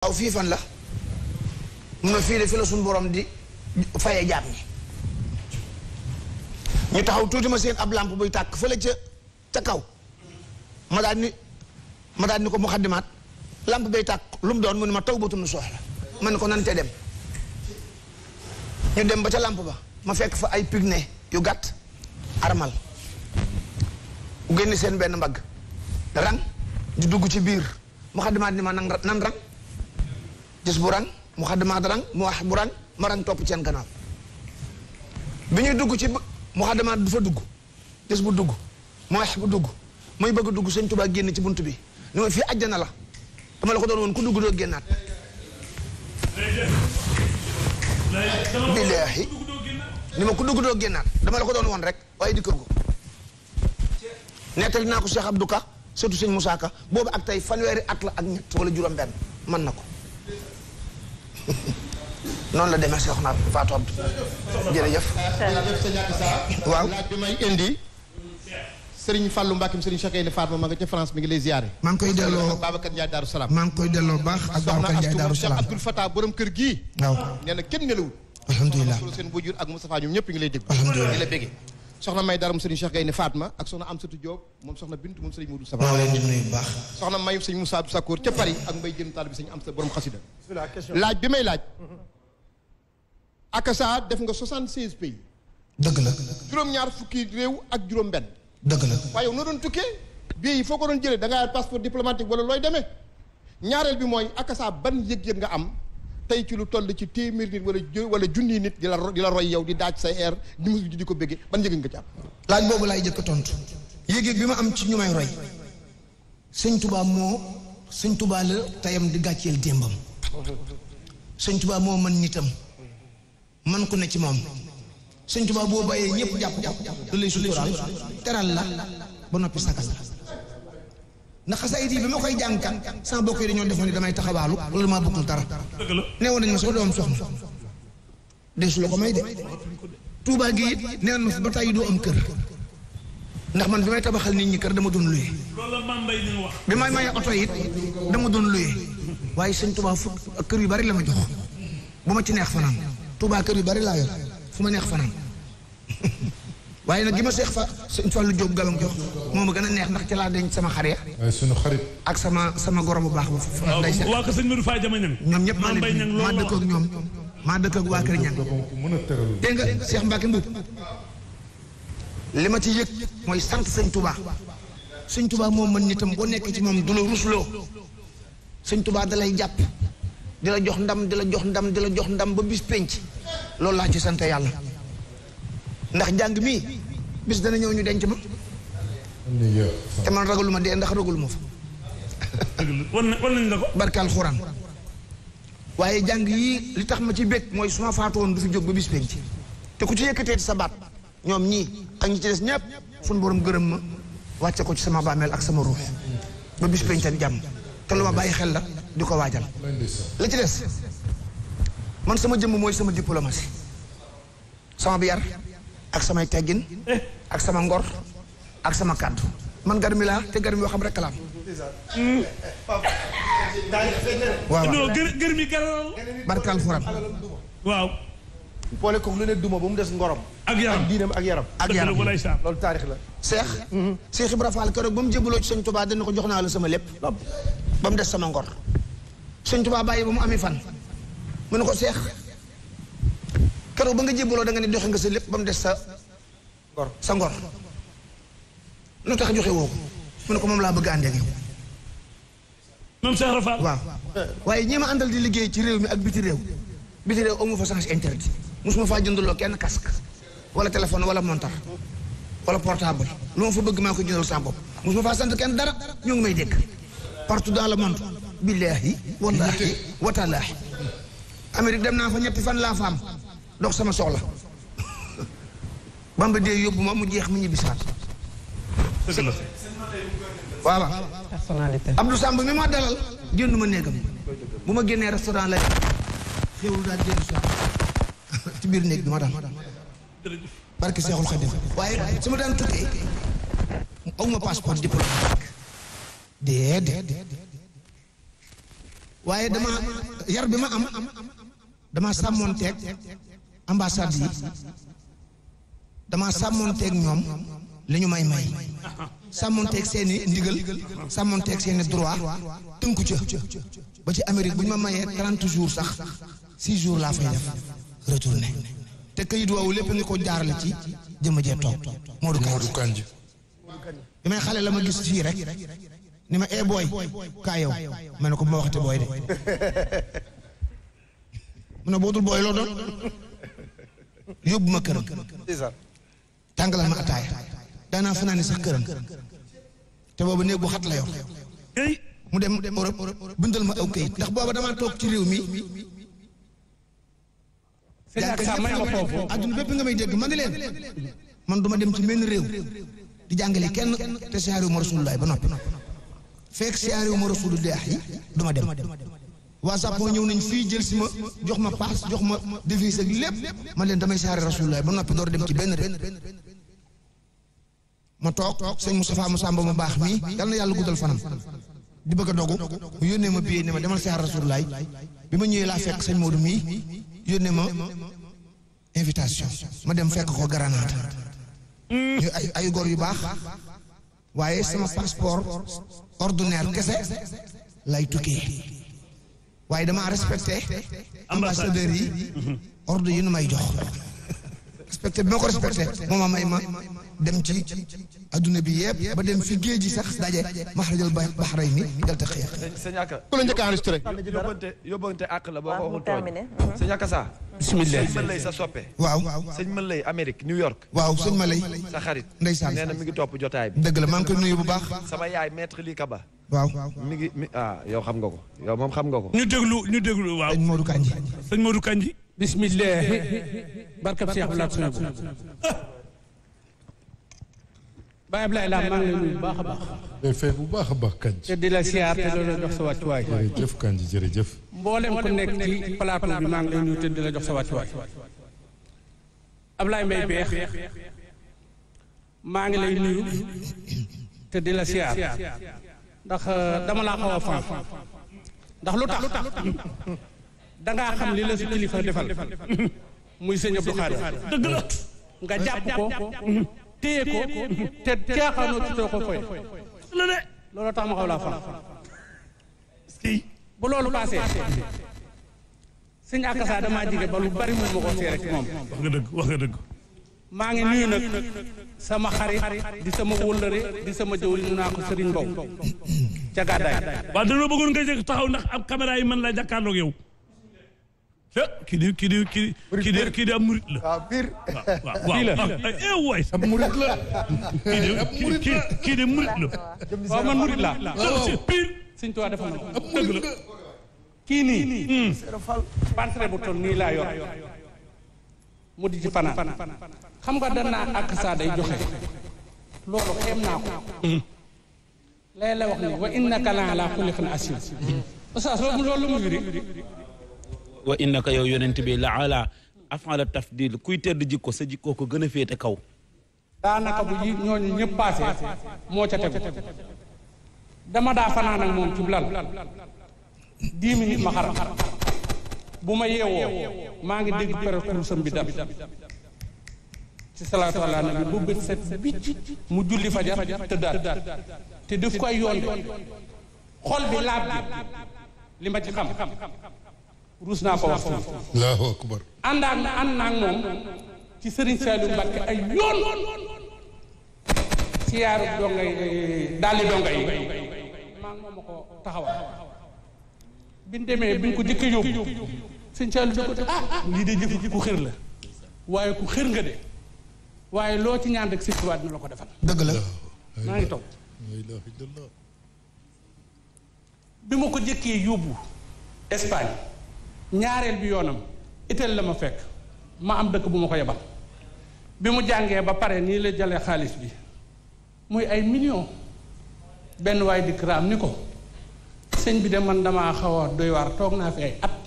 aw fi fan la mun fi le fi la sun borom di faye jam ni ñu taxaw tuuti ma seen ab lampe buy tàkk fële ci ta kaw ma dal ni ma dal ni ko mu lampe bay tak lum doon mu ni ma tawbatu ba tunu soxla ma ne ko nante dem ñu dem ba ca lampe ba ma fekk fa ay pigné yu gatt armal u genn seen benn mbagg rang di dugg ci bir mu ni ma nan rang tis bu rang mu xaddamaat rang mu bu rang ma rang topp ñuy dugg ci mu xaddamaat dugg tis bu dugg mu bëgg dugg sëñ génn ci bunt bi ñu ma fii àjjana la dama la ko doon woon ku dugg doo ni ma ku dugg doo génnaat dama la ko doon woon rek waaye di kër gu nettali naa ko Cheikh Abdou surtout sëñ Moussa boobu ak tey fanweeri at la ak ñett wala juróom benn mën na ko noonu la demee soxna Fatou Abdou jërëjëf. jërëjëf sëñ Akisa. waaw laaj bi may indi. Serigne Fallou Mbacke Serigne Cheikh Aïda Fatma ma nga ca France mi ngi lay ziare. maa ngi koy delloo Babacar Ndiaye Darou Salaam. maa ngi koy delloo baax ak Babacar na kenn nelawul. ñoom ñëpp ngi lay déglu. alhamdulilah soxna may dara mu sëriñ Cheikh Gaynde Fatma ak soxna Amsatou Diop moom soxna Bintu moom sëriñ Modou Safa maa leen soxna mayu sëñ Moussa Abdou Sakour ca Paris ak mbay jëm taal bi sëñ Amsa borom xasida laaj bi may laaj akasa def nga 76 pays dëgg la juróom-ñaar fukki réew ak juróom mbenn dëgg la waaye yow noo doon tukkee bii yi foo ko doon jëlee da ngaa passeport diplomatique wala looy demee ñaareel bi mooy akasa ban yëg-yëg nga am tey ci lu toll ci téeméer nit wala wala junni nit di la di la roy yow di daaj say air di mus di ko bëggee ban njëg nga ci am. laaj boobu laay jëkk tontu yéeg bi ma am ci ñu may roy sëñ Touba moo sëñ Touba la tayam di gàcceel démbam sëñ tubaab moo mën nitam man ku ne ci moom sëñ Touba boo ay ñëpp jàpp jàpp da lay suturaal teral la ba noppi sagal la ndax xasaayit yi bi ma koy jàngkat sama bokk yi dañoo defoon ni damay taxawaalu wala maa bokkul dara nee woon nañ ma soo doom soxna desu la ko may de Touba gi it nee ma fi ba tàyyi doo am kër ndax man bi may tabaxal nit ñi kër dama doon luye bi may maye oto it dama doon luye waaye sëñ Touba fukk kër yu bari la ma jox bu ma ci neex fanaan Touba kër yu bari laa yor fu ma neex fanaan waaye nag gi ma seex fa sëñ Fallou Diop galam jox moom a gën a neex ndax ci laa denc sama xarit. waaye sunu ak sama sama goro bu baax ba fa. waaw waaw ko sëñ Modou Faye Jama Niang. ñoom ñëpp maa leen di maa dëkk ak ñoom maa dëkk ak waa Kër Niang. dégg nga Cheikh Mbacke Mboup li ma ci yëg mooy sant sëñ Touba sëñ tubaa moom mën nitam boo nekk ci moom du la rusloo sëñ Touba da lay jàpp di la jox ndam di la jox ndam di la jox ndam ba bis penc loolu laa ci sant yàlla ndax jàng mii. bis dana ñëw ñu denc ma. te man ragaluma dee ndax ragaluma fa. wan nañ la ko. barkaal xuraan. waaye jàng yii li tax ma ci bég mooy su ma faatoon du fi jóg ba bis penc te ku ci yëkkatee sa baat ñoom ñii ak ñi ci des ñëpp suñu borom gërëm ma wàcce ko ci sama bàmmeel ak sama ruux ba bis penc ak jàmm te lu ma bàyyi xel la di ko waajal la ci des man sama jëmm mooy sama la diplomatie sama bi yar ak samay teggin ak sama ngor ak sama kàddu man garmi laa te garmi yoo xam rek laam waaw non garmi garal barkal furam waaw boole ko ba mu des ngorom ak yaram ak diinam ak yaram ak yaram loolu taarix la seex mhm. seex Ibra Faal keroog ba mu jébbaloo ci sëñ Tuubaa dina ko jox naa la sama lépp ba mu des sama ngor sëñ Tuubaa bàyyi ba mu ami fan mu ne ko seex keroog ba nga jibulo da nga ni joxe nga sa lepp bam dess sa ngor sa ngor lu tax joxe woo mu ne ko mom la bëgg ànd ngi mom Cheikh Rafa. wa waye ñima andal di liggéey ci réew mi ak biti réew biti réew amu fa internet interdit mosuma faa jëndaloo kenn casque wala téléphone wala montar wala portable lu ma fa bëgg mako jëndul sa bop bopp mosuma faa sant kenn dara ñu ngi may dégg partout dans le monde. billahi wallahi wa watalaahi amerique dem na fa ñetti fan la fa dox sama soxla bamba dee yóbbu ma mu jeex mu ñibbi saat dëgg la waaw personnalité Abdou Samb ma dalal génn ma néegam bu ma génnee restaurant lay ci biir néeg bi ma daal barki Seexul Xadim waaye su ma daan tukkee aw ma passeport diplomatique déedéet waaye dama yar bi ma am dama sàmmoon teeg ambassade yi dama sàmmonteeg ñoom li ñu may may sàmmonteeg seeni ndigal sàmmonteeg seeni droit tënku ca ba ci Amérique bu ñu ma mayee trente jours sax six jours laa fay def retourné te këyit woowu lépp nga ko jaarale ci jëma jee toog Modou Kandji bi may xale la ma gis fii rek ni ma ee eh, booy kaa yow ma ne ko bu ma waxati booy de mu ne bootul booy loo doon yóbbu ma këram tàngalal ma da na fanaani sax kërëm te bobu néeg bu xat la yor mu dem Europe bindal ma aw kayit ndax booba damaa toog ci réew mi may fofu aduna bépp nga may dégg man ne leen man duma dem ci menn réew di jàngale kenn te siyaariwu ma rasulullah ba nopi fek siyaariwu ma rasulullah yi duma dem whatsapp moo ñew nañ fi jël sima ma jox ma pass jox ma devise ak lepp ma leen damay saare rasulullah ba nopi door dem ci ben rek ma tok seigne Moustapha Moussamba mu bax mi yal na yalla guddal fanam di bëgg dogu mu yónnee ma biyee ne ma demal saare rasulullah bima ma la fekk seigne Modou mi yone ma invitation ma dem fekk ko Granada ñu ay ay góor yu bax waye sama passeport ordinaire kese lay tukkee waaye damaa respecté ambassadeurs yi mm-hmm. ordre yi nu may jox respecté bi ma ko moom mooma may ma dem ci adduna bi yëpp ba dem fi géej gi sax daje maxrajal baxray ni delta xëy sëñ Aka ku la njëkk a enregistré yóbbante yóbbante àq la boo ko waxul tooñ mm-hmm. sëñ sa bismillah sëñ sa soppe waaw sëñ Malay Amérique New York waaw sëñ Malay sa xarit ndeysaan nee na mi ngi topp jotaay bi dëgg la maa ngi koy nuyu bu baax sama yaay maître lii Kaba waaw mi ngi mi ah, yow xam nga ko yow moom xam nga ko. ñu déglu ñu déglu waaw. sëñ Modou Kandji. sëñ Modou Kandji. bismillah. barke Cheikh Abdoulaye Sow. laa maa bu baax a baax. day baax a baax Kandji. te di la la jox sa wàccuwaay. jërëjëf Kandji jërëjëf. mboolem ku nekk ci plateau bi maa ngi lay nuyu di la jox sa wàccuwaay. Ablaye Mbaye Beex maa ngi lay nuyu te di la siyaar. ndax euh, dama laa xaw fan ndax lu tax dangaa xam li la si kilifa defal muy sëñ Abdou Khadre dëgg nga jàpp ko téye ko te caaxaanoo ci too ko foye loolu tax ma xaw laa fan bu loolu paasee sëñ Akassa damaa jige ba lu bari mu ma ko see moom wax nga dëgg wax nga dëgg maa ngi nuyu nag sama xarit di sama wóllëre di sama jëwriñ ñu naa ko Serigne Mbow ca gàddaay waaw dañoo bëggoon nga jëkk taxaw na ab caméra yi mën laa jàkkaarloog yow eh, kii di kii di kii di kii di ab murit la waaw biir eh, eh, kii di kii di murit la waaw man murit la biir Sëriñ Tuubaa defal na ko dëgg la kii nii hmm. partre bu nii laa yor mu di ci fanaan xam nga danaa ak saa joxe loolu xeem naa ko lay la wax ni wa innaka la ala xuluqin loolu mu firi wa innaka yow yonent bi la ala afala tafdil kuy tedd jikko sa jikkoo gën a féete kaw daanaka bu ñooñu ñëpp moo ca tegu dama daa fanaan moom ci blal dix minutes ma xar bu ma yeewoo maa ngi dégg pereful sam bi dab ci salaatu ala nabi bu bët set bicc mu julli fajar tëddaat te def ko ay yoon xol bi laab bi li ma ci xam ruus naa ko wax allahu akbar ànd ak moom ci sëriñ Saliou Mbacke ay yoon ci yaaru donga yi dalli donga yi maa ngi ko taxawal bi ñu demee bi ñu ko jëkk yóbbu sëñ Saliou bi ko te ah lii de jëf ku xër la waaye ku xër nga de waaye loo ci ñaan rek sëñ Tuubaa dina la ko defal dëgg la maa ngi toog bi ma ko jëkkee yóbbu Espagne ñaareel bi yoonam Italie la ma fekk ma am dëkk bu ma ko yebal bi mu jàngee ba pare nii la jale xaalis bi muy ay million benn waay dikk raam ni ko sëñ bi de man dama xaw doy waar toog naa fi ay at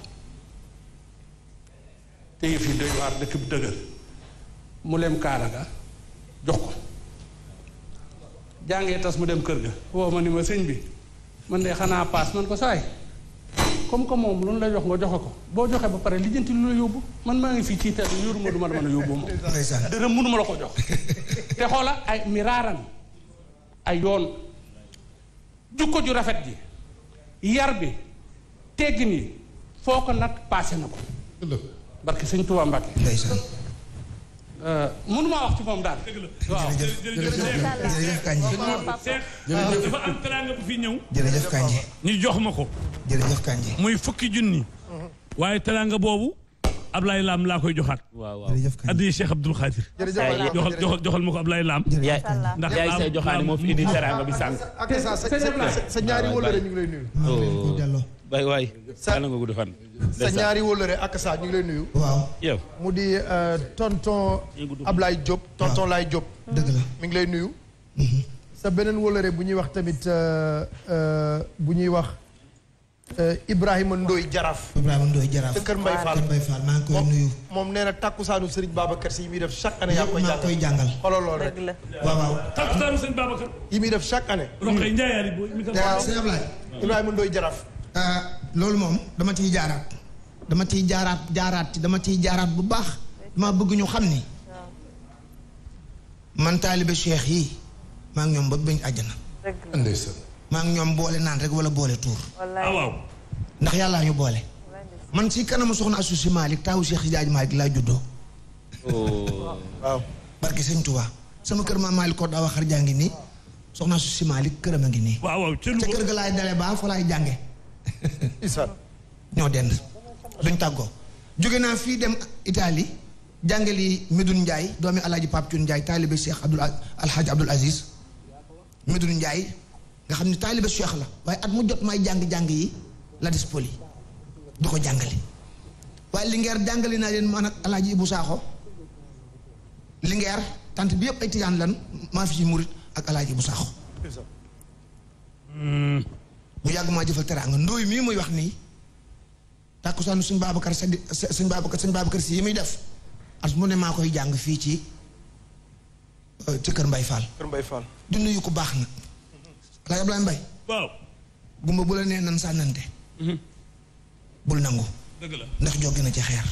te fii yi waar dëkk bi dëgër mu lem kaala ga jox ko jàngee tas mu dem kër ga woo ma ni ma sëñ bi man de xanaa paas man ko saay comme que moom lu la jox nga joxe ko boo joxe ba pare lijjanti lu la yóbbu man maa ngi fii ci ter yóoru ma du a yóbbu moom mënu ma la ko jox te xoola ay miraaran ay yoon jukko ju rafet ji yar bi teggin yi foo ko nag paase na ko barke sëñ Touba Mbacke. ndeysaan. mënumaa wax ci moom daal. dëgg la dafa am teraanga bu fi ñëw. ñu jox ma ko. jërëjëf Kandji. muy fukki junni. waaye teraanga boobu. Ablaye Lam laa koy joxaat. waaw waaw addi Cheikh Abdoul Khadir. joxal joxal ma ko Ablaye Lam. yaay ndax yaay say joxaane moo fi indi teraanga bi sànq. sa ñaari bay waay yàlla nga gudd fan sa ñaari wóllëre ak sa ñu ngi lay nuyu waaw yow mu di euh, tonton Ablaye Diop tonton Laye Diop dëgg la mu ngi lay nuyu mm-hmm. sa beneen wóllëre bu ñuy wax tamit euh, euh, bu ñuy wax Ibrahima Ndoye Jaraaf Ibrahima Ndoye Jaraaf kër Mbay Fall Mbay Fall maa moom nee na takkusaanu Serigne Babacar si yi muy def chaque année yaa koy jàngal koy jàngal xoolal loolu Ibrahima Ndoye Jaraaf Eh, loolu mom dama ci jarat, dama ci jarat jarat dama ci jaaraat bu baax dama bëgg ñu xamni ni man taalibe cheikh yi ma ak ñom bëgg bañ àjjana ma ak ñom boole naan rek wala boole tour ah, waaw ndax yalla ñu boole man si kanam soxna asusi malik taw taawu Cheikh Jaaj la juddo oh waaw barki seigne touba sama kër ma malik ko da waxar soxna asusi si Malick ngi ni waaw waaw ci kër ga lay dale ba fa lay jangé isa ñoo dend duñ tàggoo jóge naa fii dem Italie jàngali Medoune Ndiaye doomi alaaji Pape njaay Ndiaye taalibe Cheikh Abdul Alhaji Abdul Aziz Medoune Ndiaye nga xam ne taalibe Cheikh la waaye at mu jot may jàng-jàng yi la dispoli du ko jàngali waaye Linguère jàngali naa leen man ak alaaji Ibou Sakho Linguère tant bi yëpp ay tijaan lan maa ci murit ak alaaji Ibou Sakho hmm. mu yàgg maa jëfal teraanga ndóoy mii muy wax nii tàkkusaanu suñ Babacar sa suñ Babacar ba kër si yi muy def at mu ne maa koy jàng fii ci euh, ci Kër Mbay Fall. Kër Mbay ku baax nag. El Hadj Abdoulaye Mbaye. gumba bu la nee nan sànnante. Mhm. bul nangu. dëgg la ndax joggi na ci xeer.